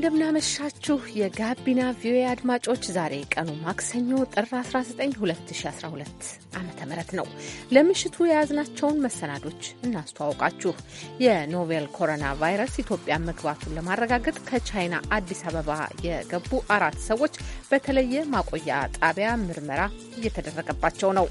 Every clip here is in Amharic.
እንደምናመሻችሁ የጋቢና ቪኦኤ አድማጮች፣ ዛሬ ቀኑ ማክሰኞ ጥር 19 2012 ዓ ም ነው። ለምሽቱ የያዝናቸውን መሰናዶች እናስተዋውቃችሁ። የኖቬል ኮሮና ቫይረስ ኢትዮጵያ መግባቱን ለማረጋገጥ ከቻይና አዲስ አበባ የገቡ አራት ሰዎች በተለየ ማቆያ ጣቢያ ምርመራ እየተደረገባቸው ነው።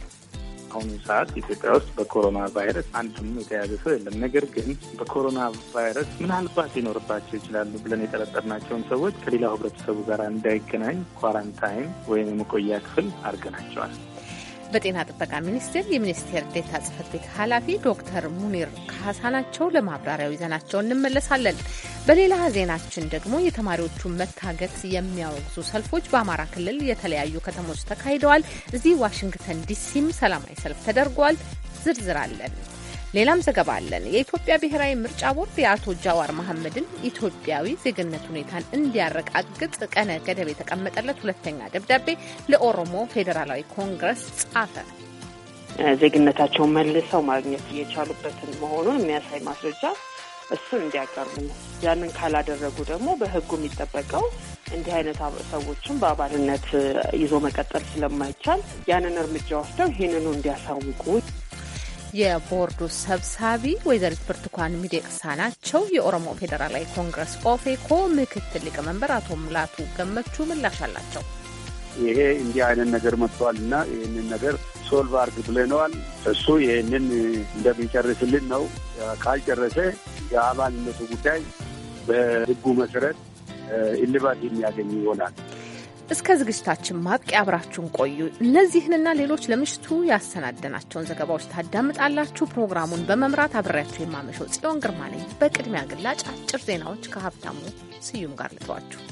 በአሁኑ ሰዓት ኢትዮጵያ ውስጥ በኮሮና ቫይረስ አንድም የተያዘ ሰው የለም። ነገር ግን በኮሮና ቫይረስ ምናልባት ሊኖርባቸው ይችላሉ ብለን የጠረጠርናቸውን ሰዎች ከሌላው ህብረተሰቡ ጋር እንዳይገናኝ ኳራንታይን ወይም የመቆያ ክፍል አድርገናቸዋል። በጤና ጥበቃ ሚኒስቴር የሚኒስቴር ዴታ ጽህፈት ቤት ኃላፊ ዶክተር ሙኒር ካሳ ናቸው። ለማብራሪያው ይዘናቸው እንመለሳለን። በሌላ ዜናችን ደግሞ የተማሪዎቹን መታገት የሚያወግዙ ሰልፎች በአማራ ክልል የተለያዩ ከተሞች ተካሂደዋል። እዚህ ዋሽንግተን ዲሲም ሰላማዊ ሰልፍ ተደርጓል። ዝርዝር አለን። ሌላም ዘገባ አለን። የኢትዮጵያ ብሔራዊ ምርጫ ቦርድ የአቶ ጃዋር መሐመድን ኢትዮጵያዊ ዜግነት ሁኔታን እንዲያረጋግጥ ቀነ ገደብ የተቀመጠለት ሁለተኛ ደብዳቤ ለኦሮሞ ፌዴራላዊ ኮንግረስ ጻፈ። ዜግነታቸውን መልሰው ማግኘት እየቻሉበትን መሆኑን የሚያሳይ ማስረጃ እሱን እንዲያቀርቡ ነው። ያንን ካላደረጉ ደግሞ በህጉ የሚጠበቀው እንዲህ አይነት ሰዎችን በአባልነት ይዞ መቀጠል ስለማይቻል ያንን እርምጃ ወስደው ይህንኑ እንዲያሳውቁ የቦርዱ ሰብሳቢ ወይዘሪት ብርቱካን ሚደቅሳ ናቸው። የኦሮሞ ፌዴራላዊ ኮንግረስ ኦፌኮ ምክትል ሊቀመንበር አቶ ሙላቱ ገመቹ ምላሽ አላቸው። ይሄ እንዲህ አይነት ነገር መጥቷል እና ይህንን ነገር ሶልቭ አርግ ብለነዋል። እሱ ይህንን እንደሚጨርስልን ነው። ካልጨረሰ የአባልነቱ ጉዳይ በህጉ መሰረት እልባት የሚያገኝ ይሆናል። እስከ ዝግጅታችን ማብቂያ አብራችሁን ቆዩ። እነዚህንና ሌሎች ለምሽቱ ያሰናደናቸውን ዘገባዎች ታዳምጣላችሁ። ፕሮግራሙን በመምራት አብሬያችሁ የማመሸው ጽዮን ግርማ ነኝ። በቅድሚያ ግላጭ አጭር ዜናዎች ከሀብታሙ ስዩም ጋር ልተዋችሁ።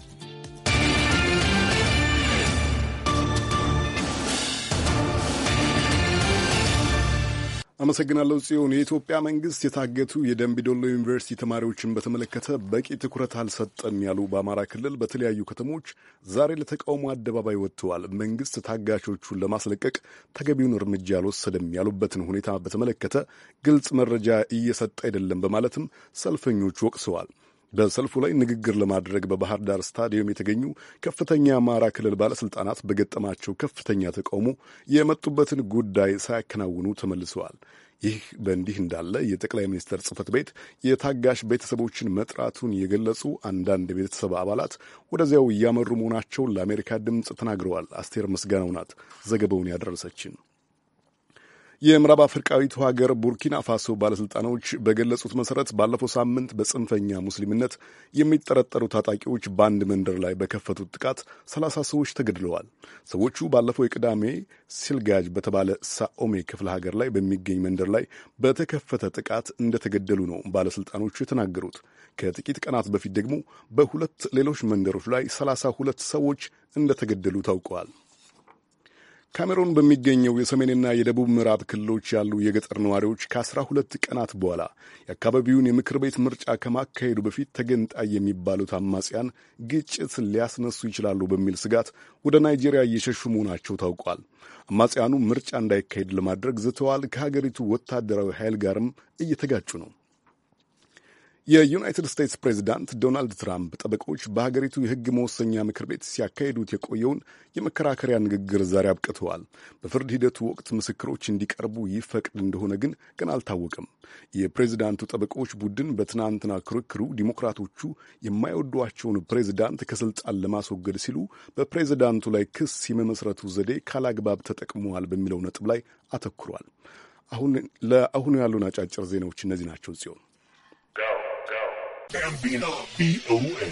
አመሰግናለሁ ጽዮን። የኢትዮጵያ መንግስት የታገቱ የደንቢዶሎ ዩኒቨርሲቲ ተማሪዎችን በተመለከተ በቂ ትኩረት አልሰጠም ያሉ በአማራ ክልል በተለያዩ ከተሞች ዛሬ ለተቃውሞ አደባባይ ወጥተዋል። መንግስት ታጋቾቹን ለማስለቀቅ ተገቢውን እርምጃ አልወሰደም ያሉበትን ሁኔታ በተመለከተ ግልጽ መረጃ እየሰጠ አይደለም በማለትም ሰልፈኞቹ ወቅሰዋል። በሰልፉ ላይ ንግግር ለማድረግ በባህር ዳር ስታዲየም የተገኙ ከፍተኛ የአማራ ክልል ባለሥልጣናት በገጠማቸው ከፍተኛ ተቃውሞ የመጡበትን ጉዳይ ሳያከናውኑ ተመልሰዋል። ይህ በእንዲህ እንዳለ የጠቅላይ ሚኒስትር ጽህፈት ቤት የታጋሽ ቤተሰቦችን መጥራቱን የገለጹ አንዳንድ ቤተሰብ አባላት ወደዚያው እያመሩ መሆናቸውን ለአሜሪካ ድምፅ ተናግረዋል። አስቴር ምስጋናው ናት ዘገባውን ያደረሰችን። የምዕራብ አፍሪቃዊቱ ሀገር ቡርኪና ፋሶ ባለሥልጣኖች በገለጹት መሠረት ባለፈው ሳምንት በጽንፈኛ ሙስሊምነት የሚጠረጠሩ ታጣቂዎች በአንድ መንደር ላይ በከፈቱት ጥቃት ሰላሳ ሰዎች ተገድለዋል። ሰዎቹ ባለፈው የቅዳሜ ሲልጋጅ በተባለ ሳኦሜ ክፍለ ሀገር ላይ በሚገኝ መንደር ላይ በተከፈተ ጥቃት እንደተገደሉ ነው ባለሥልጣኖቹ የተናገሩት። ከጥቂት ቀናት በፊት ደግሞ በሁለት ሌሎች መንደሮች ላይ ሰላሳ ሁለት ሰዎች እንደተገደሉ ታውቀዋል። ካሜሮን በሚገኘው የሰሜንና የደቡብ ምዕራብ ክልሎች ያሉ የገጠር ነዋሪዎች ከአስራ ሁለት ቀናት በኋላ የአካባቢውን የምክር ቤት ምርጫ ከማካሄዱ በፊት ተገንጣይ የሚባሉት አማጽያን ግጭት ሊያስነሱ ይችላሉ በሚል ስጋት ወደ ናይጄሪያ እየሸሹ መሆናቸው ታውቋል። አማጽያኑ ምርጫ እንዳይካሄድ ለማድረግ ዝተዋል። ከሀገሪቱ ወታደራዊ ኃይል ጋርም እየተጋጩ ነው። የዩናይትድ ስቴትስ ፕሬዚዳንት ዶናልድ ትራምፕ ጠበቆች በሀገሪቱ የሕግ መወሰኛ ምክር ቤት ሲያካሂዱት የቆየውን የመከራከሪያ ንግግር ዛሬ አብቅተዋል። በፍርድ ሂደቱ ወቅት ምስክሮች እንዲቀርቡ ይፈቅድ እንደሆነ ግን ገና አልታወቅም። የፕሬዚዳንቱ ጠበቆች ቡድን በትናንትና ክርክሩ ዲሞክራቶቹ የማይወዷቸውን ፕሬዚዳንት ከስልጣን ለማስወገድ ሲሉ በፕሬዚዳንቱ ላይ ክስ የመመስረቱ ዘዴ ካላግባብ ተጠቅመዋል በሚለው ነጥብ ላይ አተኩሯል። አሁን ለአሁኑ ያሉን አጫጭር ዜናዎች እነዚህ ናቸው። ጽዮን ጋቢና ቪኦኤ።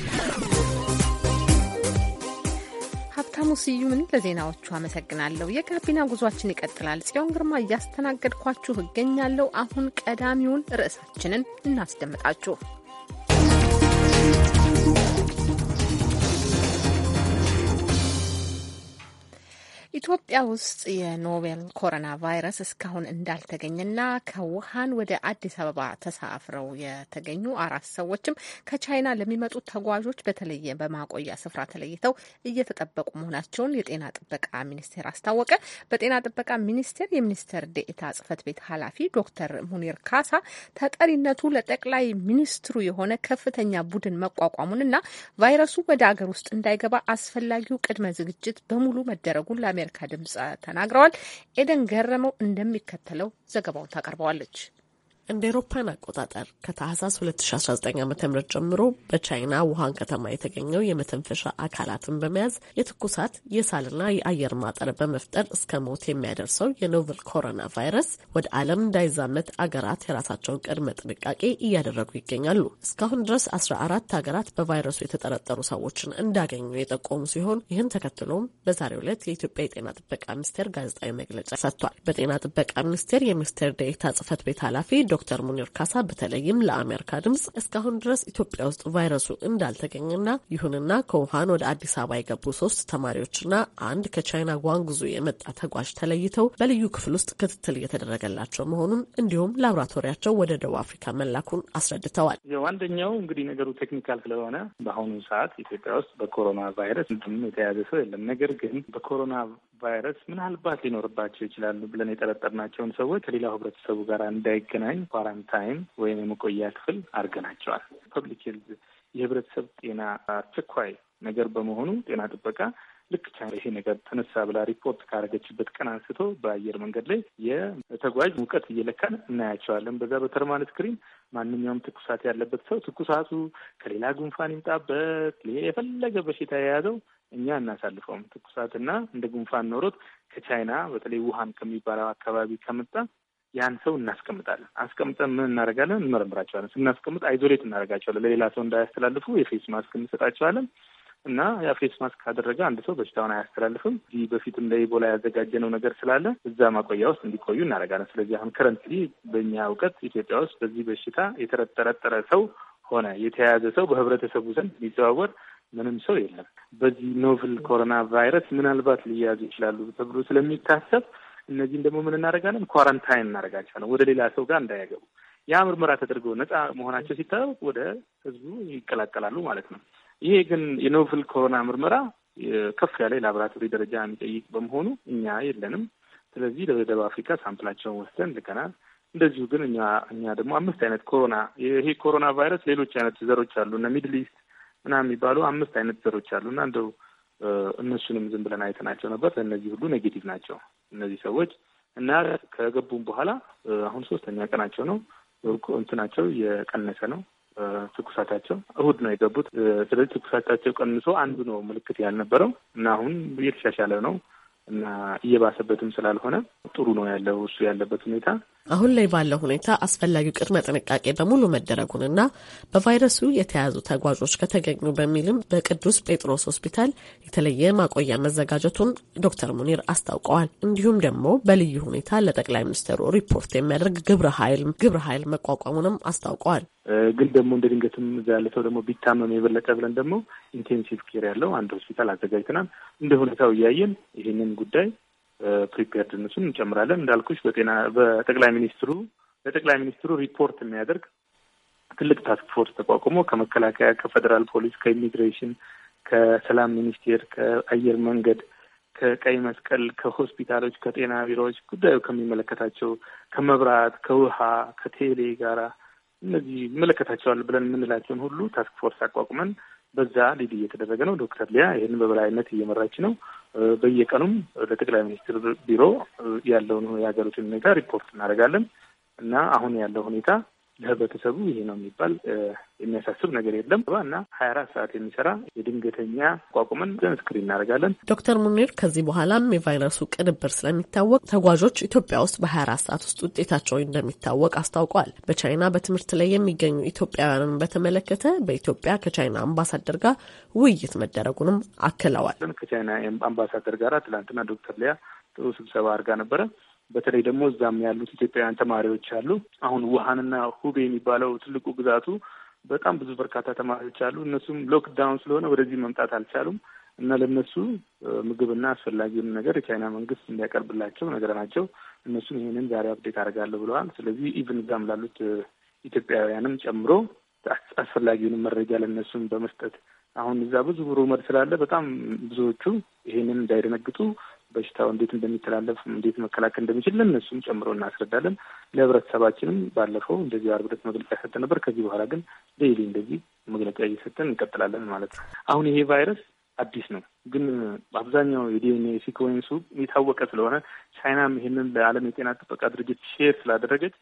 ሀብታሙ ስዩምን ለዜናዎቹ አመሰግናለሁ። የጋቢና ጉዟችን ይቀጥላል። ጽዮን ግርማ እያስተናገድኳችሁ እገኛለሁ። አሁን ቀዳሚውን ርዕሳችንን እናስደምጣችሁ። ኢትዮጵያ ውስጥ የኖቬል ኮሮና ቫይረስ እስካሁን እንዳልተገኘና ከውሃን ወደ አዲስ አበባ ተሳፍረው የተገኙ አራት ሰዎችም ከቻይና ለሚመጡ ተጓዦች በተለየ በማቆያ ስፍራ ተለይተው እየተጠበቁ መሆናቸውን የጤና ጥበቃ ሚኒስቴር አስታወቀ። በጤና ጥበቃ ሚኒስቴር የሚኒስቴር ዴኤታ ጽህፈት ቤት ኃላፊ ዶክተር ሙኒር ካሳ ተጠሪነቱ ለጠቅላይ ሚኒስትሩ የሆነ ከፍተኛ ቡድን መቋቋሙንና ቫይረሱ ወደ አገር ውስጥ እንዳይገባ አስፈላጊው ቅድመ ዝግጅት በሙሉ መደረጉን ለአሜሪካ ለአሜሪካ ድምፅ ተናግረዋል። ኤደን ገረመው እንደሚከተለው ዘገባውን ታቀርበዋለች። እንደ ኤሮፓን አቆጣጠር ከታህሳስ 2019 ዓ ም ጀምሮ በቻይና ውሃን ከተማ የተገኘው የመተንፈሻ አካላትን በመያዝ የትኩሳት የሳልና የአየር ማጠር በመፍጠር እስከ ሞት የሚያደርሰው የኖቨል ኮሮና ቫይረስ ወደ ዓለም እንዳይዛመት አገራት የራሳቸውን ቅድመ ጥንቃቄ እያደረጉ ይገኛሉ። እስካሁን ድረስ 14 ሀገራት በቫይረሱ የተጠረጠሩ ሰዎችን እንዳገኙ የጠቆሙ ሲሆን ይህን ተከትሎም በዛሬው ዕለት የኢትዮጵያ የጤና ጥበቃ ሚኒስቴር ጋዜጣዊ መግለጫ ሰጥቷል። በጤና ጥበቃ ሚኒስቴር የሚኒስቴር ዴኤታ ጽህፈት ቤት ኃላፊ ዶክተር ሙኒር ካሳ በተለይም ለአሜሪካ ድምጽ እስካሁን ድረስ ኢትዮጵያ ውስጥ ቫይረሱ እንዳልተገኘና ይሁንና ከውሃን ወደ አዲስ አበባ የገቡ ሶስት ተማሪዎችና አንድ ከቻይና ጓንጉዞ የመጣ ተጓዥ ተለይተው በልዩ ክፍል ውስጥ ክትትል እየተደረገላቸው መሆኑን እንዲሁም ላብራቶሪያቸው ወደ ደቡብ አፍሪካ መላኩን አስረድተዋል። አንደኛው እንግዲህ ነገሩ ቴክኒካል ስለሆነ በአሁኑ ሰዓት ኢትዮጵያ ውስጥ በኮሮና ቫይረስ የተያዘ ሰው የለም። ነገር ግን በኮሮና ቫይረስ ምናልባት ሊኖርባቸው ይችላሉ ብለን የጠረጠርናቸውን ሰዎች ከሌላው ህብረተሰቡ ጋር እንዳይገናኝ ኳራንታይን ወይም የመቆያ ክፍል አድርገናቸዋል። ፐብሊክ ሄልዝ የህብረተሰብ ጤና አስቸኳይ ነገር በመሆኑ ጤና ጥበቃ ልክ ቻይና ይሄ ነገር ተነሳ ብላ ሪፖርት ካደረገችበት ቀን አንስቶ በአየር መንገድ ላይ የተጓዥ ሙቀት እየለካን እናያቸዋለን። በዛ በተርማል ስክሪን ማንኛውም ትኩሳት ያለበት ሰው ትኩሳቱ ከሌላ ጉንፋን ይምጣበት የፈለገ በሽታ የያዘው እኛ እናሳልፈውም። ትኩሳትና እንደ ጉንፋን ኖሮት ከቻይና በተለይ ውሃን ከሚባለው አካባቢ ከመጣ ያን ሰው እናስቀምጣለን። አስቀምጠን ምን እናደርጋለን? እንመረምራቸዋለን። ስናስቀምጥ አይዞሌት እናደርጋቸዋለን። ለሌላ ሰው እንዳያስተላልፉ የፌስ ማስክ እንሰጣቸዋለን እና ያ ፌስ ማስክ ካደረገ አንድ ሰው በሽታውን አያስተላልፍም። እዚህ በፊትም ለኢቦላ ያዘጋጀነው ነገር ስላለ እዛ ማቆያ ውስጥ እንዲቆዩ እናደርጋለን። ስለዚህ አሁን ከረንትሊ በእኛ እውቀት ኢትዮጵያ ውስጥ በዚህ በሽታ የተጠረጠረ ሰው ሆነ የተያያዘ ሰው በህብረተሰቡ ዘንድ የሚዘዋወር ምንም ሰው የለም። በዚህ ኖቭል ኮሮና ቫይረስ ምናልባት ሊያዙ ይችላሉ ተብሎ ስለሚታሰብ እነዚህም ደግሞ ምን እናደርጋለን? ኳረንታይን እናደርጋቸዋለን ወደ ሌላ ሰው ጋር እንዳያገቡ። ያ ምርመራ ተደርጎ ነጻ መሆናቸው ሲታወቅ ወደ ህዝቡ ይቀላቀላሉ ማለት ነው። ይሄ ግን የኖቭል ኮሮና ምርመራ ከፍ ያለ የላቦራቶሪ ደረጃ የሚጠይቅ በመሆኑ እኛ የለንም። ስለዚህ ለደቡብ አፍሪካ ሳምፕላቸውን ወስደን ልከናል። እንደዚሁ ግን እኛ እኛ ደግሞ አምስት አይነት ኮሮና ይሄ ኮሮና ቫይረስ ሌሎች አይነት ዘሮች አሉ እና ሚድል ኢስት ምናምን የሚባሉ አምስት አይነት ዘሮች አሉ እና እንደው እነሱንም ዝም ብለን አይተናቸው ነበር። ለእነዚህ ሁሉ ኔጌቲቭ ናቸው እነዚህ ሰዎች እና ከገቡም በኋላ አሁን ሶስተኛ ቀናቸው ነው። እንትናቸው የቀነሰ ነው ትኩሳታቸው። እሁድ ነው የገቡት። ስለዚህ ትኩሳታቸው ቀንሶ አንዱ ነው ምልክት ያልነበረው እና አሁን እየተሻሻለ ነው። እና እየባሰበትም ስላልሆነ ጥሩ ነው ያለው እሱ ያለበት ሁኔታ። አሁን ላይ ባለው ሁኔታ አስፈላጊው ቅድመ ጥንቃቄ በሙሉ መደረጉንና በቫይረሱ የተያዙ ተጓዦች ከተገኙ በሚልም በቅዱስ ጴጥሮስ ሆስፒታል የተለየ ማቆያ መዘጋጀቱን ዶክተር ሙኒር አስታውቀዋል። እንዲሁም ደግሞ በልዩ ሁኔታ ለጠቅላይ ሚኒስትሩ ሪፖርት የሚያደርግ ግብረ ኃይል ግብረ ኃይል መቋቋሙንም አስታውቀዋል። ግን ደግሞ እንደ ድንገትም እዛ ያለ ሰው ደግሞ ቢታመም የበለጠ ብለን ደግሞ ኢንቴንሲቭ ኬር ያለው አንድ ሆስፒታል አዘጋጅተናል። እንደ ሁኔታው እያየን ይህንን ጉዳይ ፕሪፔርድነሱን እንጨምራለን። እንዳልኩሽ በጤና በጠቅላይ ሚኒስትሩ ለጠቅላይ ሚኒስትሩ ሪፖርት የሚያደርግ ትልቅ ታስክ ፎርስ ተቋቁሞ ከመከላከያ፣ ከፌዴራል ፖሊስ፣ ከኢሚግሬሽን፣ ከሰላም ሚኒስቴር፣ ከአየር መንገድ፣ ከቀይ መስቀል፣ ከሆስፒታሎች፣ ከጤና ቢሮዎች ጉዳዩ ከሚመለከታቸው ከመብራት፣ ከውሃ፣ ከቴሌ ጋራ እነዚህ ይመለከታቸዋል ብለን የምንላቸውን ሁሉ ታስክ ፎርስ አቋቁመን በዛ ሊድ እየተደረገ ነው። ዶክተር ሊያ ይህን በበላይነት እየመራች ነው። በየቀኑም ለጠቅላይ ሚኒስትር ቢሮ ያለውን የሀገሪቱን ሁኔታ ሪፖርት እናደርጋለን እና አሁን ያለው ሁኔታ ለህብረተሰቡ ይሄ ነው የሚባል የሚያሳስብ ነገር የለም እና ሀያ አራት ሰዓት የሚሰራ የድንገተኛ ቋቁመን ስክሪን እናደርጋለን። ዶክተር ሙኒር ከዚህ በኋላም የቫይረሱ ቅንብር ስለሚታወቅ ተጓዦች ኢትዮጵያ ውስጥ በሀያ አራት ሰዓት ውስጥ ውጤታቸው እንደሚታወቅ አስታውቋል። በቻይና በትምህርት ላይ የሚገኙ ኢትዮጵያውያንን በተመለከተ በኢትዮጵያ ከቻይና አምባሳደር ጋር ውይይት መደረጉንም አክለዋል። ከቻይና አምባሳደር ጋር ትላንትና ዶክተር ሊያ ጥሩ ስብሰባ አድርጋ ነበረ። በተለይ ደግሞ እዛም ያሉት ኢትዮጵያውያን ተማሪዎች አሉ። አሁን ውሃንና ሁቤ የሚባለው ትልቁ ግዛቱ በጣም ብዙ በርካታ ተማሪዎች አሉ። እነሱም ሎክዳውን ስለሆነ ወደዚህ መምጣት አልቻሉም እና ለእነሱ ምግብና አስፈላጊውን ነገር የቻይና መንግስት እንዲያቀርብላቸው ናቸው። እነሱም ይህንን ዛሬ አፕዴት አደርጋለሁ ብለዋል። ስለዚህ ኢቭን እዛም ላሉት ኢትዮጵያውያንም ጨምሮ አስፈላጊውንም መረጃ ለእነሱም በመስጠት አሁን እዛ ብዙ ሩመድ ስላለ በጣም ብዙዎቹ ይህንን እንዳይደነግጡ በሽታው እንዴት እንደሚተላለፍ እንዴት መከላከል እንደሚችል ለእነሱም ጨምሮ እናስረዳለን። ለህብረተሰባችንም ባለፈው እንደዚህ ዓርብ ዕለት መግለጫ ሰጠን ነበር። ከዚህ በኋላ ግን ዴይሊ እንደዚህ መግለጫ እየሰጠን እንቀጥላለን ማለት ነው። አሁን ይሄ ቫይረስ አዲስ ነው፣ ግን አብዛኛው የዲኤንኤ ሲኮንሱ የታወቀ ስለሆነ ቻይናም ይሄንን ለዓለም የጤና ጥበቃ ድርጅት ሼር ስላደረገች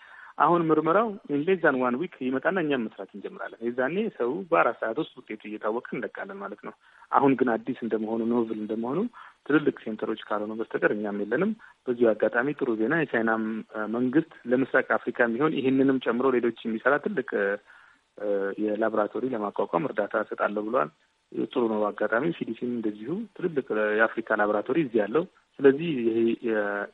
አሁን ምርመራው እንደዛን ዋን ዊክ ይመጣና እኛም መስራት እንጀምራለን። የዛኔ ሰው በአራት ሰዓት ውስጥ ውጤቱ እየታወቀ እንለቃለን ማለት ነው። አሁን ግን አዲስ እንደመሆኑ ኖቭል እንደመሆኑ ትልልቅ ሴንተሮች ካልሆነ በስተቀር እኛም የለንም። በዚሁ አጋጣሚ ጥሩ ዜና የቻይና መንግስት ለምስራቅ አፍሪካ የሚሆን ይህንንም ጨምሮ ሌሎች የሚሰራ ትልቅ የላቦራቶሪ ለማቋቋም እርዳታ እሰጣለሁ ብለዋል። ጥሩ ነው። አጋጣሚ ሲዲሲም እንደዚሁ ትልልቅ የአፍሪካ ላቦራቶሪ እዚህ ያለው። ስለዚህ ይሄ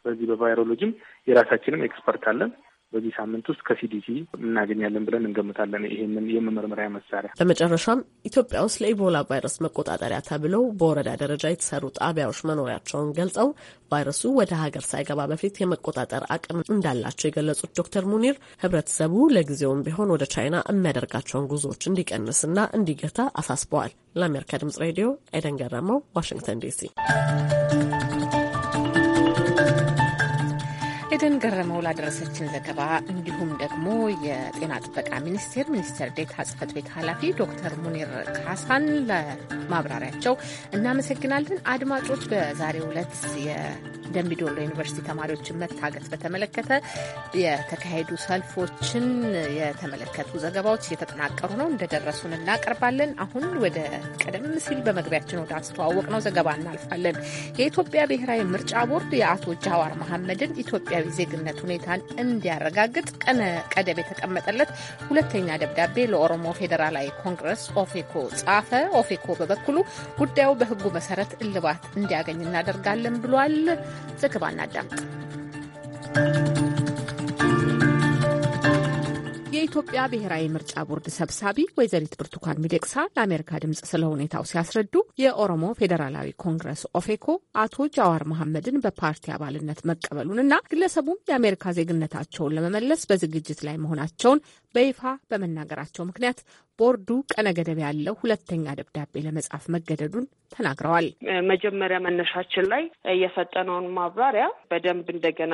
በዚህ በቫይሮሎጂም የራሳችንም ኤክስፐርት አለን። በዚህ ሳምንት ውስጥ ከሲዲሲ እናገኛለን ብለን እንገምታለን። ይህንን የመመርመሪያ መሳሪያ በመጨረሻም ኢትዮጵያ ውስጥ ለኢቦላ ቫይረስ መቆጣጠሪያ ተብለው በወረዳ ደረጃ የተሰሩ ጣቢያዎች መኖሪያቸውን ገልጸው ቫይረሱ ወደ ሀገር ሳይገባ በፊት የመቆጣጠር አቅም እንዳላቸው የገለጹት ዶክተር ሙኒር ህብረተሰቡ ለጊዜውም ቢሆን ወደ ቻይና የሚያደርጋቸውን ጉዞዎች እንዲቀንስና እንዲገታ አሳስበዋል። ለአሜሪካ ድምጽ ሬዲዮ ኤደን ገረመው፣ ዋሽንግተን ዲሲ ኤደን ገረመው ላደረሰችን ዘገባ እንዲሁም ደግሞ የጤና ጥበቃ ሚኒስቴር ሚኒስቴር ዴታ ጽፈት ቤት ኃላፊ ዶክተር ሙኒር ካሳን ለማብራሪያቸው እናመሰግናለን። አድማጮች በዛሬው ዕለት ደምቢዶሎ ዩኒቨርሲቲ ተማሪዎችን መታገት በተመለከተ የተካሄዱ ሰልፎችን የተመለከቱ ዘገባዎች እየተጠናቀሩ ነው። እንደደረሱን እናቀርባለን። አሁን ወደ ቀደም ሲል በመግቢያችን ወደ አስተዋወቅ ነው ዘገባ እናልፋለን። የኢትዮጵያ ብሔራዊ ምርጫ ቦርድ የአቶ ጃዋር መሐመድን ኢትዮጵያዊ ዜግነት ሁኔታን እንዲያረጋግጥ ቀነ ቀደብ የተቀመጠለት ሁለተኛ ደብዳቤ ለኦሮሞ ፌዴራላዊ ኮንግረስ ኦፌኮ ጻፈ። ኦፌኮ በበኩሉ ጉዳዩ በሕጉ መሰረት እልባት እንዲያገኝ እናደርጋለን ብሏል። ዘገባ እናዳምጥ። የኢትዮጵያ ብሔራዊ ምርጫ ቦርድ ሰብሳቢ ወይዘሪት ብርቱካን ሚደቅሳ ለአሜሪካ ድምጽ ስለ ሁኔታው ሲያስረዱ የኦሮሞ ፌዴራላዊ ኮንግረስ ኦፌኮ አቶ ጃዋር መሐመድን በፓርቲ አባልነት መቀበሉንና ግለሰቡም የአሜሪካ ዜግነታቸውን ለመመለስ በዝግጅት ላይ መሆናቸውን በይፋ በመናገራቸው ምክንያት ቦርዱ ቀነ ገደብ ያለው ሁለተኛ ደብዳቤ ለመጻፍ መገደዱን ተናግረዋል። መጀመሪያ መነሻችን ላይ የሰጠነውን ማብራሪያ በደንብ እንደገና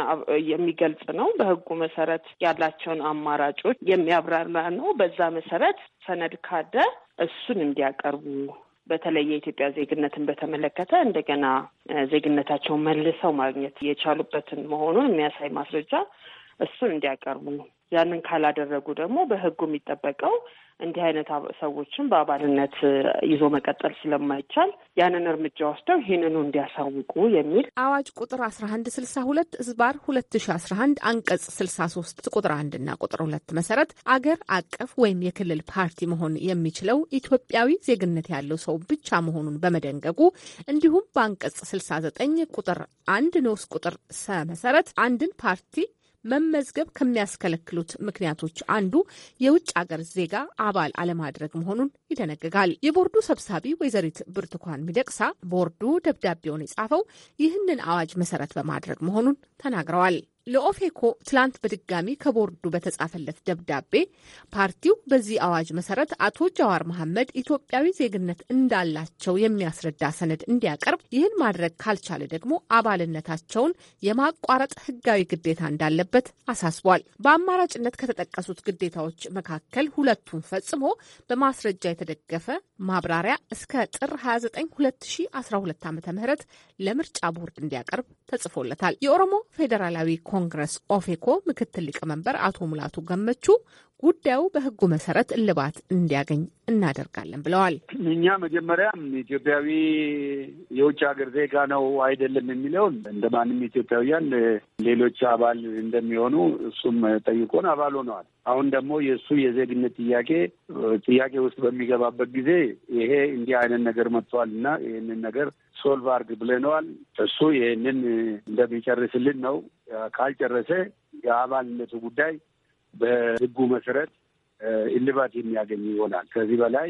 የሚገልጽ ነው። በህጉ መሰረት ያላቸውን አማራጮች የሚያብራራ ነው። በዛ መሰረት ሰነድ ካለ እሱን እንዲያቀርቡ በተለይ የኢትዮጵያ ዜግነትን በተመለከተ እንደገና ዜግነታቸውን መልሰው ማግኘት የቻሉበትን መሆኑን የሚያሳይ ማስረጃ እሱን እንዲያቀርቡ ነው። ያንን ካላደረጉ ደግሞ በህጉ የሚጠበቀው እንዲህ አይነት ሰዎችን በአባልነት ይዞ መቀጠል ስለማይቻል ያንን እርምጃ ወስደው ይህንኑ እንዲያሳውቁ የሚል አዋጅ ቁጥር አስራ አንድ ስልሳ ሁለት ህዝባር ሁለት ሺ አስራ አንድ አንቀጽ ስልሳ ሶስት ቁጥር አንድ ና ቁጥር ሁለት መሰረት አገር አቀፍ ወይም የክልል ፓርቲ መሆን የሚችለው ኢትዮጵያዊ ዜግነት ያለው ሰው ብቻ መሆኑን በመደንገጉ እንዲሁም በአንቀጽ ስልሳ ዘጠኝ ቁጥር አንድ ንዑስ ቁጥር ሰ መሰረት አንድን ፓርቲ መመዝገብ ከሚያስከለክሉት ምክንያቶች አንዱ የውጭ አገር ዜጋ አባል አለማድረግ መሆኑን ይደነግጋል። የቦርዱ ሰብሳቢ ወይዘሪት ብርቱካን ሚደቅሳ ቦርዱ ደብዳቤውን የጻፈው ይህንን አዋጅ መሰረት በማድረግ መሆኑን ተናግረዋል። ለኦፌኮ ትላንት በድጋሚ ከቦርዱ በተጻፈለት ደብዳቤ ፓርቲው በዚህ አዋጅ መሰረት አቶ ጃዋር መሐመድ ኢትዮጵያዊ ዜግነት እንዳላቸው የሚያስረዳ ሰነድ እንዲያቀርብ፣ ይህን ማድረግ ካልቻለ ደግሞ አባልነታቸውን የማቋረጥ ሕጋዊ ግዴታ እንዳለበት አሳስቧል። በአማራጭነት ከተጠቀሱት ግዴታዎች መካከል ሁለቱን ፈጽሞ በማስረጃ የተደገፈ ማብራሪያ እስከ ጥር 29 2012 ዓ ም ለምርጫ ቦርድ እንዲያቀርብ ተጽፎለታል። የኦሮሞ ፌዴራላዊ ኮንግረስ ኦፌኮ ምክትል ሊቀመንበር አቶ ሙላቱ ገመቹ ጉዳዩ በህጉ መሰረት እልባት እንዲያገኝ እናደርጋለን ብለዋል። እኛ መጀመሪያም ኢትዮጵያዊ የውጭ ሀገር ዜጋ ነው አይደለም የሚለውን እንደ ማንም ኢትዮጵያውያን ሌሎች አባል እንደሚሆኑ እሱም ጠይቆን አባል ሆነዋል። አሁን ደግሞ የእሱ የዜግነት ጥያቄ ጥያቄ ውስጥ በሚገባበት ጊዜ ይሄ እንዲህ አይነት ነገር መጥቷል እና ይህንን ነገር ሶልቭ አርግ ብለነዋል። እሱ ይህንን እንደሚጨርስልን ነው። ካልጨረሰ የአባልነቱ ጉዳይ በህጉ መሰረት እልባት የሚያገኝ ይሆናል። ከዚህ በላይ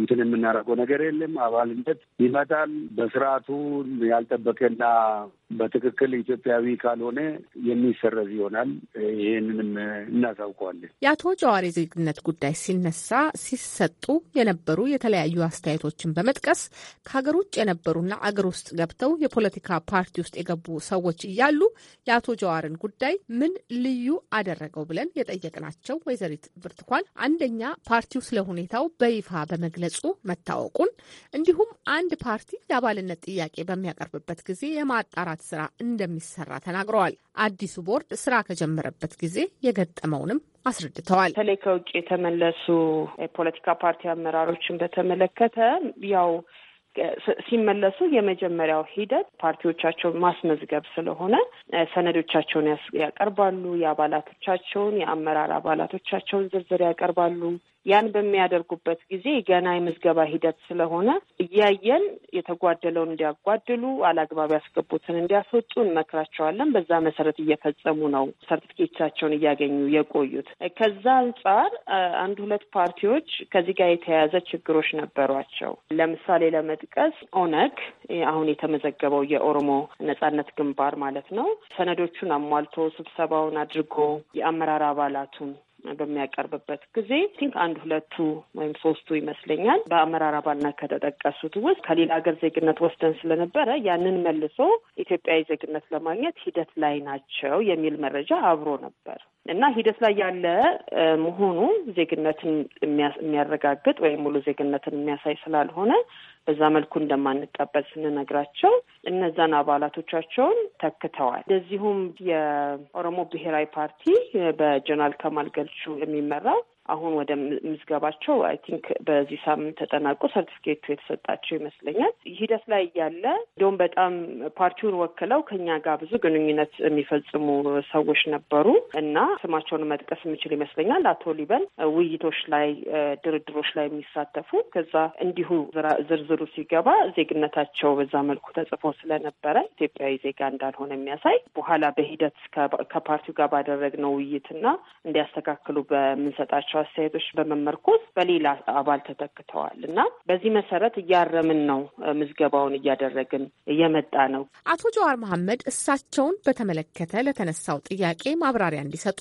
እንትን የምናደርገው ነገር የለም። አባልነት ይመጣል። በስርዓቱ ያልጠበቀና በትክክል ኢትዮጵያዊ ካልሆነ የሚሰረዝ ይሆናል። ይህንንም እናሳውቀዋለን። የአቶ ጀዋር ዜግነት ጉዳይ ሲነሳ ሲሰጡ የነበሩ የተለያዩ አስተያየቶችን በመጥቀስ ከሀገር ውጭ የነበሩና አገር ውስጥ ገብተው የፖለቲካ ፓርቲ ውስጥ የገቡ ሰዎች እያሉ የአቶ ጀዋርን ጉዳይ ምን ልዩ አደረገው ብለን የጠየቅናቸው ወይዘሪት ብርቱካን አንደኛ ፓርቲው ስለ ሁኔታው በይፋ በመግለጹ መታወቁን እንዲሁም አንድ ፓርቲ የአባልነት ጥያቄ በሚያቀርብበት ጊዜ የማጣራ የማብቃት ስራ እንደሚሰራ ተናግረዋል። አዲሱ ቦርድ ስራ ከጀመረበት ጊዜ የገጠመውንም አስረድተዋል። በተለይ ከውጭ የተመለሱ የፖለቲካ ፓርቲ አመራሮችን በተመለከተ ያው ሲመለሱ የመጀመሪያው ሂደት ፓርቲዎቻቸውን ማስመዝገብ ስለሆነ ሰነዶቻቸውን ያቀርባሉ። የአባላቶቻቸውን የአመራር አባላቶቻቸውን ዝርዝር ያቀርባሉ። ያን በሚያደርጉበት ጊዜ ገና የምዝገባ ሂደት ስለሆነ እያየን የተጓደለውን እንዲያጓድሉ፣ አላግባብ ያስገቡትን እንዲያስወጡ እንመክራቸዋለን። በዛ መሰረት እየፈጸሙ ነው ሰርቲፊኬታቸውን እያገኙ የቆዩት። ከዛ አንጻር አንድ ሁለት ፓርቲዎች ከዚህ ጋር የተያያዘ ችግሮች ነበሯቸው። ለምሳሌ ለመጥቀስ ኦነግ አሁን የተመዘገበው የኦሮሞ ነጻነት ግንባር ማለት ነው ሰነዶቹን አሟልቶ ስብሰባውን አድርጎ የአመራር አባላቱን በሚያቀርብበት ጊዜ ቲንክ አንድ ሁለቱ ወይም ሶስቱ ይመስለኛል በአመራር አባልነት ከተጠቀሱት ውስጥ ከሌላ ሀገር ዜግነት ወስደን ስለነበረ ያንን መልሶ ኢትዮጵያዊ ዜግነት ለማግኘት ሂደት ላይ ናቸው የሚል መረጃ አብሮ ነበር። እና ሂደት ላይ ያለ መሆኑ ዜግነትን የሚያረጋግጥ ወይም ሙሉ ዜግነትን የሚያሳይ ስላልሆነ በዛ መልኩ እንደማንቀበል ስንነግራቸው እነዛን አባላቶቻቸውን ተክተዋል። እንደዚሁም የኦሮሞ ብሔራዊ ፓርቲ በጀነራል ከማል ገልቹ የሚመራው አሁን ወደ ምዝገባቸው አይ ቲንክ በዚህ ሳምንት ተጠናቆ ሰርቲፊኬቱ የተሰጣቸው ይመስለኛል። ሂደት ላይ እያለ እንዲሁም በጣም ፓርቲውን ወክለው ከኛ ጋር ብዙ ግንኙነት የሚፈጽሙ ሰዎች ነበሩ እና ስማቸውን መጥቀስ የምችል ይመስለኛል። አቶ ሊበን ውይይቶች ላይ፣ ድርድሮች ላይ የሚሳተፉ ከዛ እንዲሁ ዝርዝሩ ሲገባ ዜግነታቸው በዛ መልኩ ተጽፎ ስለነበረ ኢትዮጵያዊ ዜጋ እንዳልሆነ የሚያሳይ በኋላ በሂደት ከፓርቲው ጋር ባደረግነው ውይይትና እንዲያስተካክሉ በምንሰጣቸው ያላቸው አስተያየቶች በመመርኮዝ በሌላ አባል ተተክተዋል እና በዚህ መሰረት እያረምን ነው፣ ምዝገባውን እያደረግን እየመጣ ነው። አቶ ጀዋር መሐመድ እሳቸውን በተመለከተ ለተነሳው ጥያቄ ማብራሪያ እንዲሰጡ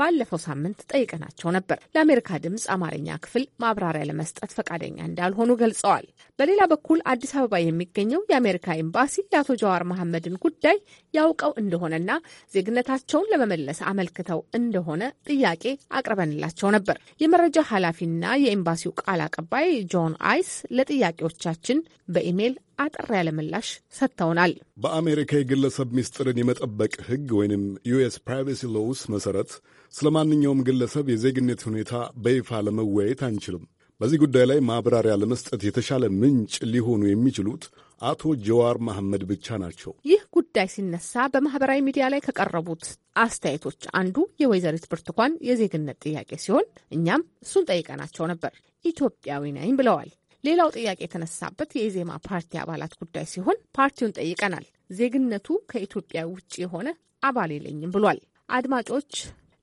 ባለፈው ሳምንት ጠይቀናቸው ነበር። ለአሜሪካ ድምጽ አማርኛ ክፍል ማብራሪያ ለመስጠት ፈቃደኛ እንዳልሆኑ ገልጸዋል። በሌላ በኩል አዲስ አበባ የሚገኘው የአሜሪካ ኤምባሲ የአቶ ጀዋር መሐመድን ጉዳይ ያውቀው እንደሆነና ዜግነታቸውን ለመመለስ አመልክተው እንደሆነ ጥያቄ አቅርበንላቸው ነበር። ነበር። የመረጃ ኃላፊና የኤምባሲው ቃል አቀባይ ጆን አይስ ለጥያቄዎቻችን በኢሜይል አጠር ያለ ምላሽ ሰጥተውናል። በአሜሪካ የግለሰብ ምስጢርን የመጠበቅ ሕግ ወይም ዩኤስ ፕራይቬሲ ሎውስ መሠረት ስለ ማንኛውም ግለሰብ የዜግነት ሁኔታ በይፋ ለመወያየት አንችልም። በዚህ ጉዳይ ላይ ማብራሪያ ለመስጠት የተሻለ ምንጭ ሊሆኑ የሚችሉት አቶ ጀዋር መሐመድ ብቻ ናቸው። ይህ ጉዳይ ሲነሳ በማህበራዊ ሚዲያ ላይ ከቀረቡት አስተያየቶች አንዱ የወይዘሪት ብርቱካን የዜግነት ጥያቄ ሲሆን እኛም እሱን ጠይቀናቸው ነበር። ኢትዮጵያዊ ነኝ ብለዋል። ሌላው ጥያቄ የተነሳበት የኢዜማ ፓርቲ አባላት ጉዳይ ሲሆን ፓርቲውን ጠይቀናል። ዜግነቱ ከኢትዮጵያ ውጭ የሆነ አባል የለኝም ብሏል። አድማጮች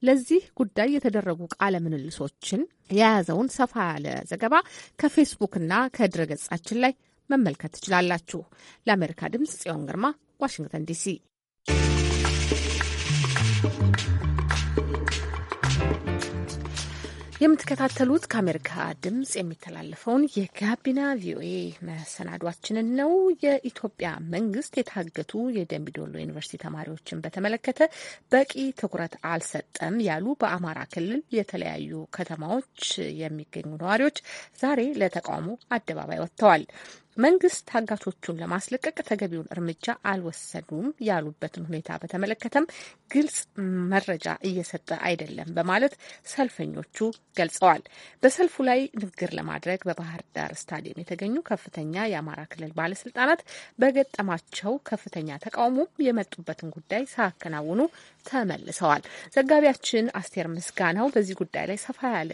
ለዚህ ጉዳይ የተደረጉ ቃለ ምልልሶችን የያዘውን ሰፋ ያለ ዘገባ ከፌስቡክና ከድረገጻችን ላይ መመልከት ትችላላችሁ። ለአሜሪካ ድምጽ ጽዮን ግርማ፣ ዋሽንግተን ዲሲ። የምትከታተሉት ከአሜሪካ ድምፅ የሚተላለፈውን የጋቢና ቪኦኤ መሰናዷችንን ነው። የኢትዮጵያ መንግስት የታገቱ የደምቢዶሎ ዩኒቨርሲቲ ተማሪዎችን በተመለከተ በቂ ትኩረት አልሰጠም ያሉ በአማራ ክልል የተለያዩ ከተማዎች የሚገኙ ነዋሪዎች ዛሬ ለተቃውሞ አደባባይ ወጥተዋል። መንግስት ታጋቾቹን ለማስለቀቅ ተገቢውን እርምጃ አልወሰዱም ያሉበትን ሁኔታ በተመለከተም ግልጽ መረጃ እየሰጠ አይደለም በማለት ሰልፈኞቹ ገልጸዋል። በሰልፉ ላይ ንግግር ለማድረግ በባህር ዳር ስታዲየም የተገኙ ከፍተኛ የአማራ ክልል ባለስልጣናት በገጠማቸው ከፍተኛ ተቃውሞም የመጡበትን ጉዳይ ሳያከናውኑ ተመልሰዋል። ዘጋቢያችን አስቴር ምስጋናው በዚህ ጉዳይ ላይ ሰፋ ያለ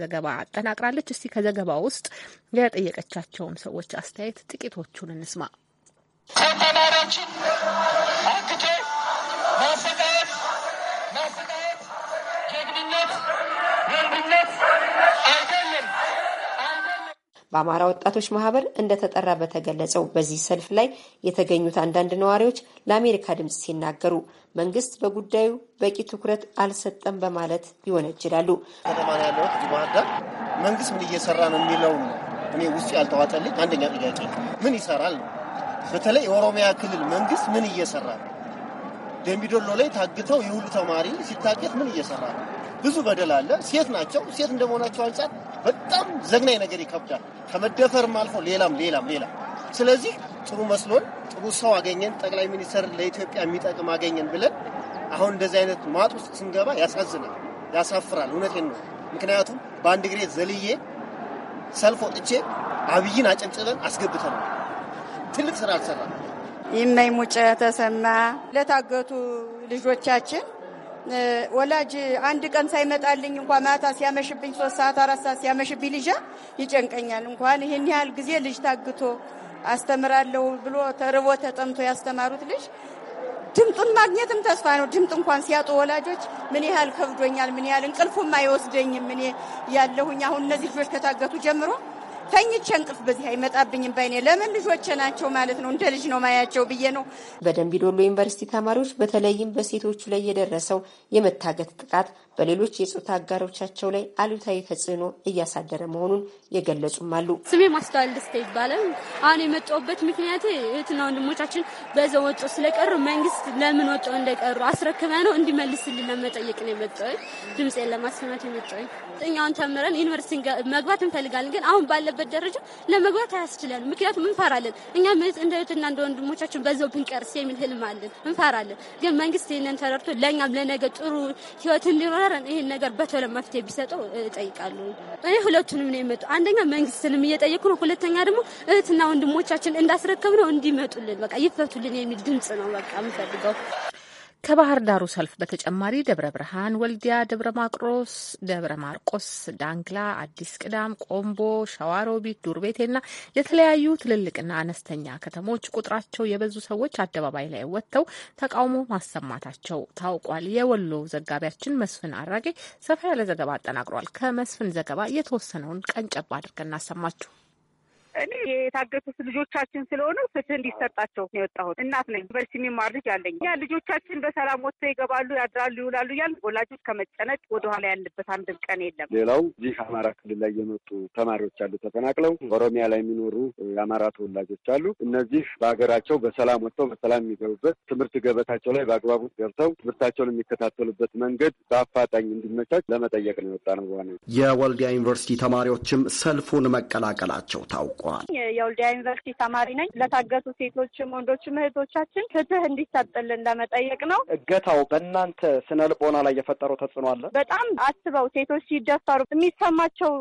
ዘገባ አጠናቅራለች። እስቲ ከዘገባ ውስጥ የጠየቀቻቸውን ሰዎች አስተያየት ጥቂቶቹን እንስማ። በአማራ ወጣቶች ማህበር እንደተጠራ በተገለጸው በዚህ ሰልፍ ላይ የተገኙት አንዳንድ ነዋሪዎች ለአሜሪካ ድምፅ ሲናገሩ መንግስት በጉዳዩ በቂ ትኩረት አልሰጠም በማለት ይወነጅላሉ። ከተማ ነው ያለሁት እዚህ ባህር ዳር። መንግስት ምን እየሰራ ነው የሚለው እኔ ውስጥ ያልተዋጠልኝ አንደኛ ጥያቄ ምን ይሰራል ነው። በተለይ የኦሮሚያ ክልል መንግስት ምን እየሰራ ነው? ደምቢዶሎ ላይ ታግተው የሁሉ ተማሪ ሲታገት ምን እየሰራ ነው? ብዙ በደል አለ። ሴት ናቸው። ሴት እንደመሆናቸው አንጻር በጣም ዘግናኝ ነገር ይከብዳል። ከመደፈርም አልፎ ሌላም ሌላም ሌላም። ስለዚህ ጥሩ መስሎን ጥሩ ሰው አገኘን፣ ጠቅላይ ሚኒስትር ለኢትዮጵያ የሚጠቅም አገኘን ብለን አሁን እንደዚህ አይነት ማጥ ውስጥ ስንገባ ያሳዝናል፣ ያሳፍራል። እውነቴን ነው። ምክንያቱም በአንድ ግሬት ዘልዬ ሰልፍ ወጥቼ አብይን አጨብጭበን አስገብተናል። ትልቅ ስራ አልሰራ ይመኝ ተሰማ ለታገቱ ልጆቻችን ወላጅ አንድ ቀን ሳይመጣልኝ እንኳ ማታ ሲያመሽብኝ ሶስት ሰዓት አራት ሰዓት ሲያመሽብኝ ልጃ ይጨንቀኛል። እንኳን ይህን ያህል ጊዜ ልጅ ታግቶ አስተምራለሁ ብሎ ተርቦ ተጠምቶ ያስተማሩት ልጅ ድምጡን ማግኘትም ተስፋ ነው። ድምጥ እንኳን ሲያጡ ወላጆች ምን ያህል ከብዶኛል፣ ምን ያህል እንቅልፉም አይወስደኝም እኔ ያለሁኝ አሁን እነዚህ ልጆች ከታገቱ ጀምሮ ተኝቼ እንቅፍ በዚህ አይመጣብኝም። ባይኔ ለምን ልጆቼ ናቸው ማለት ነው እንደ ልጅ ነው ማያቸው ብዬ ነው። በደንቢዶሎ ዩኒቨርሲቲ ተማሪዎች በተለይም በሴቶቹ ላይ የደረሰው የመታገት ጥቃት በሌሎች የጾታ አጋሮቻቸው ላይ አሉታዊ ተጽዕኖ እያሳደረ መሆኑን የገለጹም አሉ። ስሜ ማስተዋል ደስታ ይባላል። አሁን የመጣሁበት ምክንያት እህትና ወንድሞቻችን በዛው ወጦ ስለቀሩ መንግስት ለምን ወጦ እንደቀሩ አስረክበ ነው እንዲመልስልን ለመጠየቅ ነው የመጣሁኝ። ድምፄን ለማሰማት የመጣሁኝ። እኛውን ተምረን ዩኒቨርሲቲ መግባት እንፈልጋለን፣ ግን አሁን ባለበት ደረጃ ለመግባት አያስችለን። ምክንያቱም እንፈራለን። እኛ እንደ እህትና እንደ ወንድሞቻችን በዛው ብንቀርስ የሚል ህልም አለን። እንፈራለን። ግን መንግስት ይህንን ተረድቶ ለእኛም ለነገ ጥሩ ህይወት እንዲኖረ ሀረርን ይሄን ነገር በቶሎ መፍትሄ ቢሰጠው እጠይቃለሁ። እኔ ሁለቱንም ነው የመጡ አንደኛ መንግስትንም እየጠየቁ ነው፣ ሁለተኛ ደግሞ እህትና ወንድሞቻችን እንዳስረከብ ነው እንዲመጡልን፣ በቃ ይፈቱልን የሚል ድምጽ ነው በቃ የምፈልገው። ከባህር ዳሩ ሰልፍ በተጨማሪ ደብረ ብርሃን፣ ወልዲያ፣ ደብረ ማቅሮስ፣ ደብረ ማርቆስ፣ ዳንግላ፣ አዲስ ቅዳም፣ ቆምቦ፣ ሸዋሮቢት፣ ዱርቤቴና የተለያዩ ትልልቅና አነስተኛ ከተሞች ቁጥራቸው የበዙ ሰዎች አደባባይ ላይ ወጥተው ተቃውሞ ማሰማታቸው ታውቋል። የወሎ ዘጋቢያችን መስፍን አራጌ ሰፋ ያለ ዘገባ አጠናቅሯል። ከመስፍን ዘገባ የተወሰነውን ቀንጨባ አድርገን እናሰማችሁ። እኔ የታገቱት ልጆቻችን ስለሆነ ፍትህ እንዲሰጣቸው ነው የወጣሁት። እናት ነኝ፣ ዩኒቨርሲቲ የሚማር ልጅ አለኝ። ያ ልጆቻችን በሰላም ወጥተው ይገባሉ፣ ያድራሉ፣ ይውላሉ እያል ወላጆች ከመጨነቅ ወደኋላ ያለበት አንድም ቀን የለም። ሌላው ይህ አማራ ክልል ላይ የመጡ ተማሪዎች አሉ ተፈናቅለው ኦሮሚያ ላይ የሚኖሩ የአማራ ተወላጆች አሉ። እነዚህ በሀገራቸው በሰላም ወጥተው በሰላም የሚገቡበት ትምህርት ገበታቸው ላይ በአግባቡ ገብተው ትምህርታቸውን የሚከታተሉበት መንገድ በአፋጣኝ እንዲመቻች ለመጠየቅ ነው የወጣ ነው። የወልዲያ ዩኒቨርሲቲ ተማሪዎችም ሰልፉን መቀላቀላቸው ታውቁ አስታውቀዋል። የወልዲያ ዩኒቨርሲቲ ተማሪ ነኝ። ለታገቱ ሴቶችም ወንዶችም እህቶቻችን ፍትህ እንዲሰጥልን ለመጠየቅ ነው። እገታው በእናንተ ስነ ልቦና ላይ የፈጠረው ተጽዕኖ አለ? በጣም አስበው ሴቶች ሲደፈሩ የሚሰማቸው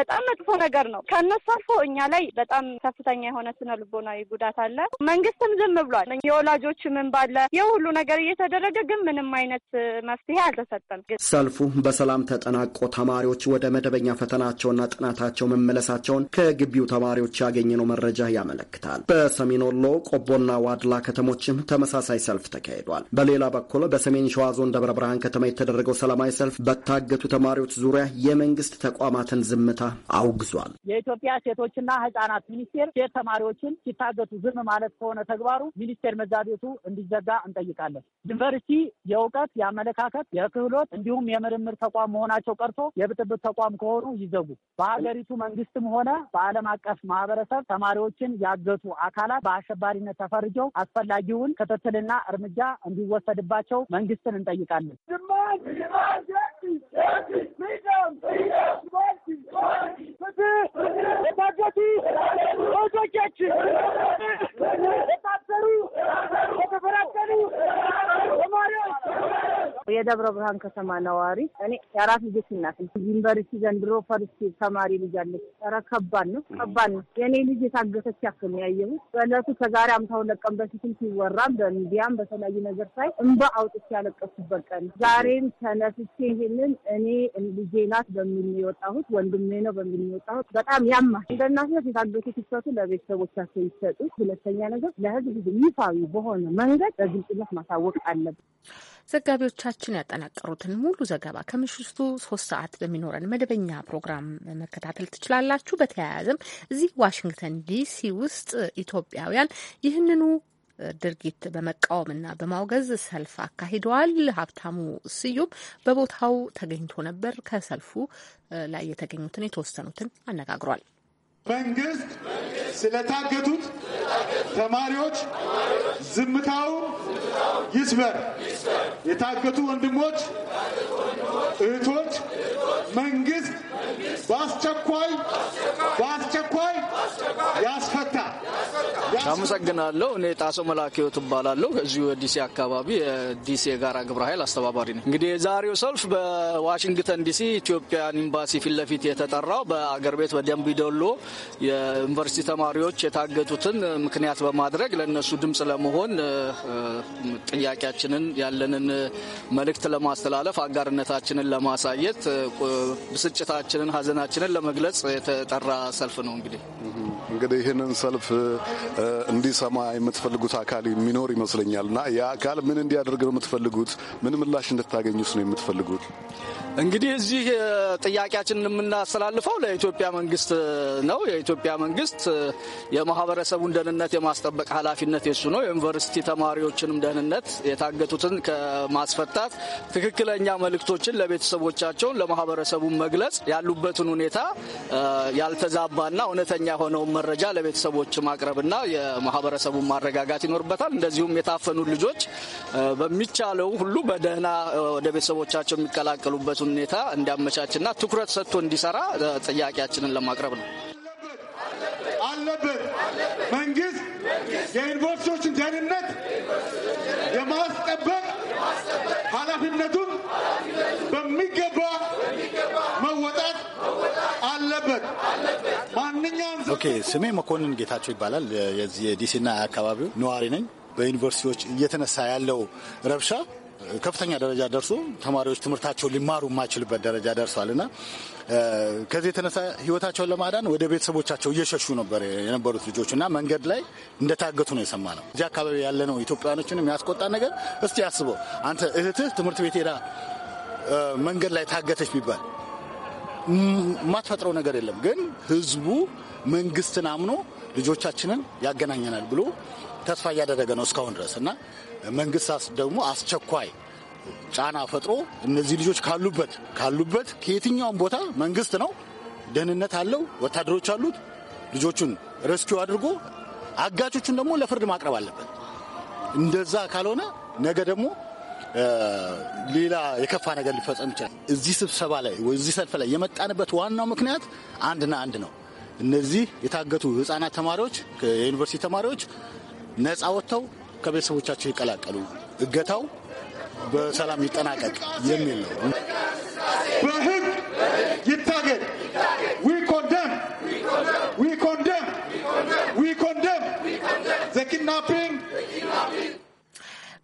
በጣም መጥፎ ነገር ነው። ከእነሱ አልፎ እኛ ላይ በጣም ከፍተኛ የሆነ ስነ ልቦናዊ ጉዳት አለ። መንግስትም ዝም ብሏል። የወላጆች ምን ባለ የሁሉ ነገር እየተደረገ ግን ምንም አይነት መፍትሄ አልተሰጠም። ሰልፉ በሰላም ተጠናቆ ተማሪዎች ወደ መደበኛ ፈተናቸውና ጥናታቸው መመለሳቸውን ከግቢው ተማ ነዋሪዎች ያገኘነው መረጃ ያመለክታል። በሰሜን ወሎ ቆቦና ዋድላ ከተሞችም ተመሳሳይ ሰልፍ ተካሂዷል። በሌላ በኩል በሰሜን ሸዋ ዞን ደብረ ብርሃን ከተማ የተደረገው ሰላማዊ ሰልፍ በታገቱ ተማሪዎች ዙሪያ የመንግስት ተቋማትን ዝምታ አውግዟል። የኢትዮጵያ ሴቶችና ህጻናት ሚኒስቴር ሴት ተማሪዎችን ሲታገቱ ዝም ማለት ከሆነ ተግባሩ ሚኒስቴር መዛቤቱ ቤቱ እንዲዘጋ እንጠይቃለን። ዩኒቨርሲቲ የእውቀት የአመለካከት፣ የክህሎት እንዲሁም የምርምር ተቋም መሆናቸው ቀርቶ የብጥብጥ ተቋም ከሆኑ ይዘጉ። በሀገሪቱ መንግስትም ሆነ በዓለም አቀፍ አቀፍ ማህበረሰብ ተማሪዎችን ያገቱ አካላት በአሸባሪነት ተፈርጀው አስፈላጊውን ክትትልና እርምጃ እንዲወሰድባቸው መንግስትን እንጠይቃለን። የደብረ ብርሃን ከተማ ነዋሪ እኔ የአራት ልጆች እናት ዩኒቨርሲቲ ዘንድሮ ፈርስት ተማሪ ልጅ አለች። ኧረ ከባድ ነው ከባድ ነው። የኔ ልጅ የታገሰች ያክል ነው ያየሁት በእለቱ ከዛሬ አምሳ ሁለት ቀን በፊትም ሲወራም በሚዲያም በተለያዩ ነገር ሳይ እንባ አውጥቼ ያለቀሱበት ቀን ዛሬም ተነስቼ ይህንን እኔ ልጄ ናት በሚል የወጣሁት ወንድሜ ነው በሚል የወጣሁት በጣም ያማ እንደ እናትነት የታገቱ ለቤተሰቦቻቸው ይሰጡ። ሁለተኛ ነገር ለህዝብ ይፋዊ በሆነ መንገድ በግልጽነት ማሳወቅ አለብን። ዘጋቢዎቻችን ያጠናቀሩትን ሙሉ ዘገባ ከምሽቱ ሶስት ሰዓት በሚኖረን መደበኛ ፕሮግራም መከታተል ትችላላችሁ። በተያያዘም እዚህ ዋሽንግተን ዲሲ ውስጥ ኢትዮጵያውያን ይህንኑ ድርጊት በመቃወምና በማውገዝ ሰልፍ አካሂደዋል። ሀብታሙ ስዩም በቦታው ተገኝቶ ነበር። ከሰልፉ ላይ የተገኙትን የተወሰኑትን አነጋግሯል። መንግስት ስለታገቱት ተማሪዎች ዝምታውን ይስበር። የታገቱ ወንድሞች፣ እህቶች መንግስት በአስቸኳይ በአስቸኳይ ያስፈታ። አመሰግናለሁ። እኔ ጣሰው መላኪዮ ትባላለሁ ከዚሁ ዲሲ አካባቢ የዲሲ የጋራ ግብረ ኃይል አስተባባሪ ነኝ። እንግዲህ የዛሬው ሰልፍ በዋሽንግተን ዲሲ ኢትዮጵያን ኤምባሲ ፊት ለፊት የተጠራው በአገር ቤት በደንብ ዶሎ የዩኒቨርሲቲ ተማሪዎች የታገቱትን ምክንያት በማድረግ ለእነሱ ድምፅ ለመሆን ጥያቄያችንን ያለንን መልእክት ለማስተላለፍ አጋርነታችንን ለማሳየት ብስጭታችንን ሀዘናችንን ለመግለጽ የተጠራ ሰልፍ ነው እንግዲህ እንግዲህ ይህንን ሰልፍ እንዲሰማ የምትፈልጉት አካል የሚኖር ይመስለኛል እና ያ አካል ምን እንዲያደርግ ነው የምትፈልጉት? ምን ምላሽ እንድታገኙስ ነው የምትፈልጉት? እንግዲህ እዚህ ጥያቄያችንን የምናስተላልፈው ለኢትዮጵያ መንግስት ነው። የኢትዮጵያ መንግስት የማህበረሰቡን ደህንነት የማስጠበቅ ኃላፊነት የሱ ነው። የዩኒቨርሲቲ ተማሪዎችንም ደህንነት የታገቱትን ከማስፈታት ትክክለኛ መልእክቶችን ለቤተሰቦቻቸውን ለማህበረሰቡ መግለጽ ያሉበትን ሁኔታ ያልተዛባና እውነተኛ የሆነውን መረጃ ለቤተሰቦች ማቅረብና የማህበረሰቡን ማረጋጋት ይኖርበታል። እንደዚሁም የታፈኑ ልጆች በሚቻለው ሁሉ በደህና ወደ ቤተሰቦቻቸው የሚቀላቀሉበት ሁኔታ እንዲያመቻችና ትኩረት ሰጥቶ እንዲሰራ ጥያቄያችንን ለማቅረብ ነው። አለበት መንግስት የዩኒቨርሲቲዎችን ደህንነት የማስጠበቅ ኃላፊነቱን በሚገባ መወጣት አለበት። ማንኛውም ኦኬ። ስሜ መኮንን ጌታቸው ይባላል። የዚህ የዲሲና አካባቢው ነዋሪ ነኝ። በዩኒቨርሲቲዎች እየተነሳ ያለው ረብሻ ከፍተኛ ደረጃ ደርሶ ተማሪዎች ትምህርታቸውን ሊማሩ የማይችልበት ደረጃ ደርሷል እና ከዚህ የተነሳ ህይወታቸውን ለማዳን ወደ ቤተሰቦቻቸው እየሸሹ ነበር የነበሩት ልጆች እና መንገድ ላይ እንደታገቱ ነው የሰማ ነው። እዚህ አካባቢ ያለነው ኢትዮጵያኖችን የሚያስቆጣ ነገር እስቲ አስበው። አንተ እህትህ ትምህርት ቤት ሄዳ መንገድ ላይ ታገተች ቢባል የማትፈጥረው ነገር የለም። ግን ህዝቡ መንግስትን አምኖ ልጆቻችንን ያገናኘናል ብሎ ተስፋ እያደረገ ነው እስካሁን ድረስ እና መንግስት ደግሞ አስቸኳይ ጫና ፈጥሮ እነዚህ ልጆች ካሉበት ካሉበት ከየትኛውም ቦታ መንግስት ነው ደህንነት አለው፣ ወታደሮች አሉት። ልጆቹን ረስኪው አድርጎ አጋቾቹን ደግሞ ለፍርድ ማቅረብ አለበት። እንደዛ ካልሆነ ነገ ደግሞ ሌላ የከፋ ነገር ሊፈጸም ይችላል። እዚህ ስብሰባ ላይ ወይ እዚህ ሰልፍ ላይ የመጣንበት ዋናው ምክንያት አንድና አንድ ነው። እነዚህ የታገቱ ህጻናት ተማሪዎች፣ የዩኒቨርሲቲ ተማሪዎች ነፃ ወጥተው ከቤተሰቦቻቸው ይቀላቀሉ፣ እገታው በሰላም ይጠናቀቅ የሚል ነው። በህግ ይታገል። ዊ ኮንደም ዊ ኮንደም ዊ ኮንደም ዘኪናፔ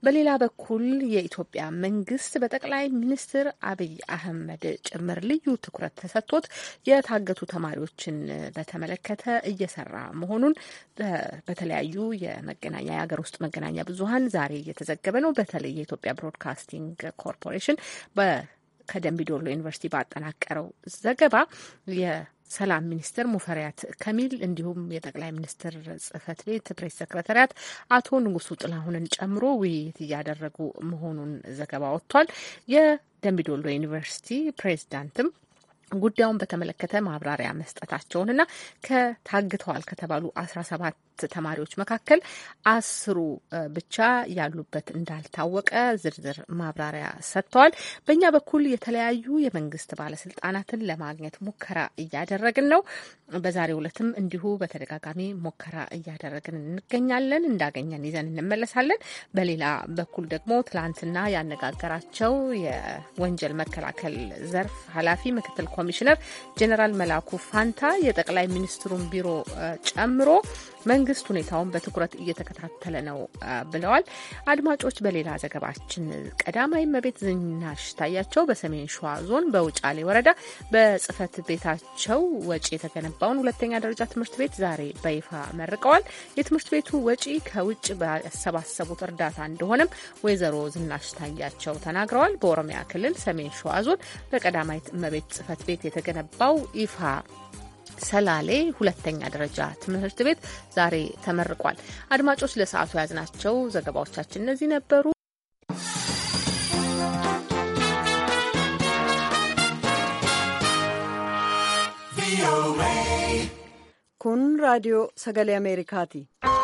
በሌላ በኩል የኢትዮጵያ መንግስት በጠቅላይ ሚኒስትር አብይ አህመድ ጭምር ልዩ ትኩረት ተሰጥቶት የታገቱ ተማሪዎችን በተመለከተ እየሰራ መሆኑን በተለያዩ የመገናኛ የሀገር ውስጥ መገናኛ ብዙኃን ዛሬ እየተዘገበ ነው። በተለይ የኢትዮጵያ ብሮድካስቲንግ ኮርፖሬሽን ከደንቢ ዩኒቨርሲቲ ባጠናቀረው ዘገባ ሰላም ሚኒስትር ሙፈሪያት ከሚል እንዲሁም የጠቅላይ ሚኒስትር ጽህፈት ቤት ፕሬስ ሰክረታሪያት አቶ ንጉሱ ጥላሁንን ጨምሮ ውይይት እያደረጉ መሆኑን ዘገባ ወጥቷል። የደምቢዶሎ ዩኒቨርሲቲ ፕሬዚዳንትም ጉዳዩን በተመለከተ ማብራሪያ መስጠታቸውንና ከታግተዋል ከተባሉ አስራ ሰባት ተማሪዎች መካከል አስሩ ብቻ ያሉበት እንዳልታወቀ ዝርዝር ማብራሪያ ሰጥተዋል። በእኛ በኩል የተለያዩ የመንግስት ባለስልጣናትን ለማግኘት ሙከራ እያደረግን ነው። በዛሬው ዕለትም እንዲሁ በተደጋጋሚ ሙከራ እያደረግን እንገኛለን። እንዳገኘን ይዘን እንመለሳለን። በሌላ በኩል ደግሞ ትላንትና ያነጋገራቸው የወንጀል መከላከል ዘርፍ ኃላፊ ምክትል ኮሚሽነር ጀኔራል መላኩ ፋንታ የጠቅላይ ሚኒስትሩን ቢሮ ጨምሮ መንግስት ሁኔታውን በትኩረት እየተከታተለ ነው ብለዋል። አድማጮች፣ በሌላ ዘገባችን ቀዳማዊ እመቤት ዝናሽ ታያቸው በሰሜን ሸዋ ዞን በውጫሌ ወረዳ በጽህፈት ቤታቸው ወጪ የተገነባውን ሁለተኛ ደረጃ ትምህርት ቤት ዛሬ በይፋ መርቀዋል። የትምህርት ቤቱ ወጪ ከውጭ ባሰባሰቡት እርዳታ እንደሆነም ወይዘሮ ዝናሽ ታያቸው ተናግረዋል። በኦሮሚያ ክልል ሰሜን ሸዋ ዞን በቀዳማዊት እመቤት ጽህፈት ቤት የተገነባው ይፋ ሰላሌ ሁለተኛ ደረጃ ትምህርት ቤት ዛሬ ተመርቋል። አድማጮች ለሰዓቱ የያዝናቸው ዘገባዎቻችን እነዚህ ነበሩ። kun radio sagalee ameerikaati